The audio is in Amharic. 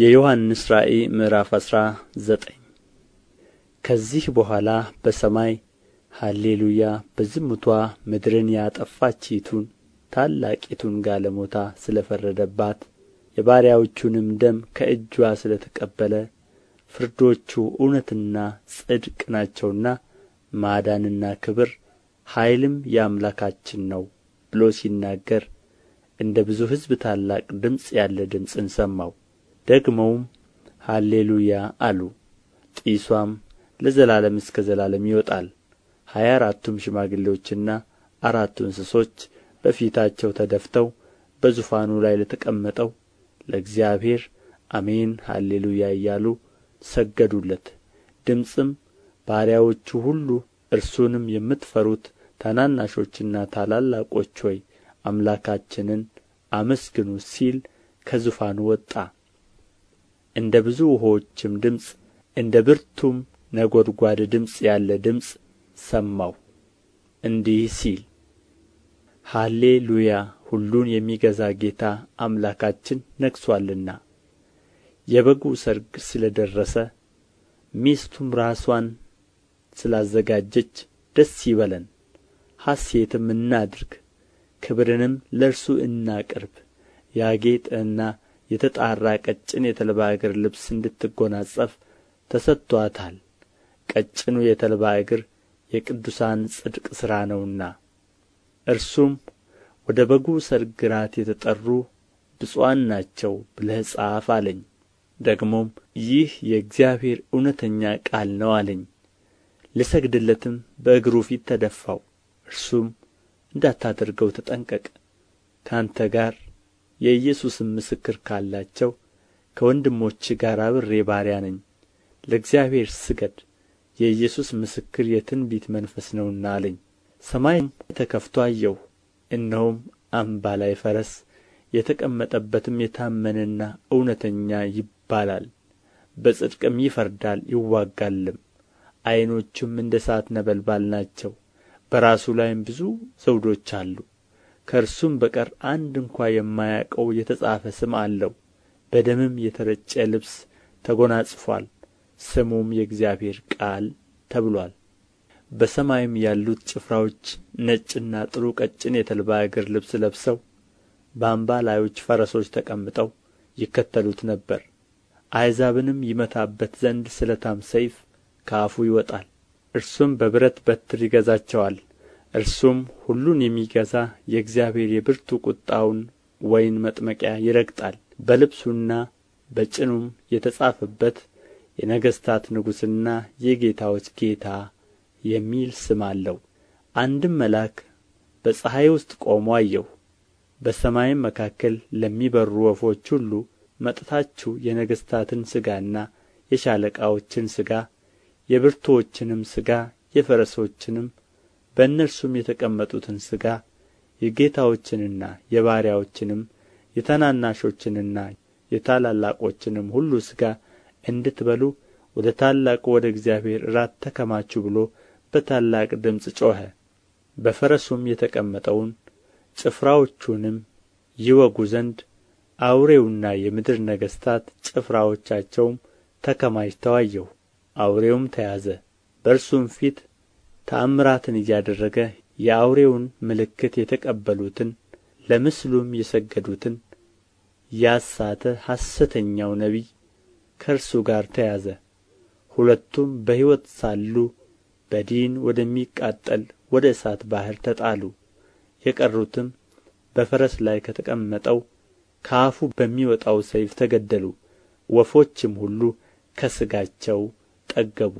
የዮሐንስ ራእይ ምዕራፍ አስራ ዘጠኝ ከዚህ በኋላ በሰማይ ሃሌ ሉያ በዝሙቷ ምድርን ያጠፋችቱን ታላቂቱን ጋለሞታ ስለ ፈረደባት የባሪያዎቹንም ደም ከእጇ ስለ ተቀበለ ፍርዶቹ እውነትና ጽድቅ ናቸውና ማዳንና ክብር ኃይልም የአምላካችን ነው ብሎ ሲናገር እንደ ብዙ ሕዝብ ታላቅ ድምፅ ያለ ድምፅን ሰማው። ደግመውም ሃሌ ሉያ አሉ ጢስዋም ለዘላለም እስከ ዘላለም ይወጣል ሀያ አራቱም ሽማግሌዎችና አራቱ እንስሶች በፊታቸው ተደፍተው በዙፋኑ ላይ ለተቀመጠው ለእግዚአብሔር አሜን ሃሌ ሉያ እያሉ ሰገዱለት። ድምፅም ባሪያዎቹ ሁሉ እርሱንም የምትፈሩት ታናናሾችና ታላላቆች ሆይ አምላካችንን አመስግኑ ሲል ከዙፋኑ ወጣ። እንደ ብዙ ውኆችም ድምፅ እንደ ብርቱም ነጎድጓድ ድምፅ ያለ ድምፅ ሰማሁ እንዲህ ሲል ሃሌ ሉያ ሁሉን የሚገዛ ጌታ አምላካችን ነግሦአልና የበጉ ሰርግ ስለ ደረሰ ሚስቱም ራሷን ስላዘጋጀች ደስ ይበለን ሐሴትም እናድርግ ክብርንም ለእርሱ እናቅርብ ያጌጠና የተጣራ ቀጭን የተልባ እግር ልብስ እንድትጎናጸፍ ተሰጥቶአታል ቀጭኑ የተልባ እግር የቅዱሳን ጽድቅ ሥራ ነውና እርሱም ወደ በጉ ሰርግ የተጠሩ ብፁዓን ናቸው ብለህ ጻፍ አለኝ ደግሞም ይህ የእግዚአብሔር እውነተኛ ቃል ነው አለኝ ልሰግድለትም በእግሩ ፊት ተደፋው እርሱም እንዳታደርገው ተጠንቀቅ ካንተ ጋር የኢየሱስም ምስክር ካላቸው ከወንድሞች ጋር አብሬ ባሪያ ነኝ ለእግዚአብሔር ስገድ የኢየሱስ ምስክር የትንቢት መንፈስ ነውና አለኝ ሰማይም ተከፍቶ አየሁ እነሆም አምባላይ ፈረስ የተቀመጠበትም የታመነና እውነተኛ ይባላል በጽድቅም ይፈርዳል ይዋጋልም ዐይኖቹም እንደ እሳት ነበልባል ናቸው በራሱ ላይም ብዙ ዘውዶች አሉ ከእርሱም በቀር አንድ እንኳ የማያውቀው የተጻፈ ስም አለው በደምም የተረጨ ልብስ ተጎናጽፏል። ስሙም የእግዚአብሔር ቃል ተብሏል። በሰማይም ያሉት ጭፍራዎች ነጭና ጥሩ ቀጭን የተልባ እግር ልብስ ለብሰው በአምባላዮች ፈረሶች ተቀምጠው ይከተሉት ነበር አሕዛብንም ይመታበት ዘንድ ስለታም ሰይፍ ከአፉ ይወጣል እርሱም በብረት በትር ይገዛቸዋል እርሱም ሁሉን የሚገዛ የእግዚአብሔር የብርቱ ቍጣውን ወይን መጥመቂያ ይረግጣል በልብሱና በጭኑም የተጻፈበት የነገሥታት ንጉሥና የጌታዎች ጌታ የሚል ስም አለው አንድም መልአክ በፀሐይ ውስጥ ቆሞ አየሁ በሰማይም መካከል ለሚበሩ ወፎች ሁሉ መጥታችሁ የነገሥታትን ሥጋና የሻለቃዎችን ሥጋ የብርቱዎችንም ሥጋ የፈረሶችንም በእነርሱም የተቀመጡትን ሥጋ የጌታዎችንና የባሪያዎችንም የታናናሾችንና የታላላቆችንም ሁሉ ሥጋ እንድትበሉ ወደ ታላቁ ወደ እግዚአብሔር እራት ተከማቹ ብሎ በታላቅ ድምፅ ጮኸ። በፈረሱም የተቀመጠውን ጭፍራዎቹንም ይወጉ ዘንድ አውሬውና የምድር ነገሥታት ጭፍራዎቻቸውም ተከማችተው አየሁ። አውሬውም ተያዘ፣ በእርሱም ፊት ተአምራትን እያደረገ የአውሬውን ምልክት የተቀበሉትን ለምስሉም የሰገዱትን ያሳተ ሐሰተኛው ነቢይ ከእርሱ ጋር ተያዘ ሁለቱም በሕይወት ሳሉ በዲን ወደሚቃጠል ወደ እሳት ባሕር ተጣሉ የቀሩትም በፈረስ ላይ ከተቀመጠው ከአፉ በሚወጣው ሰይፍ ተገደሉ ወፎችም ሁሉ ከሥጋቸው ጠገቡ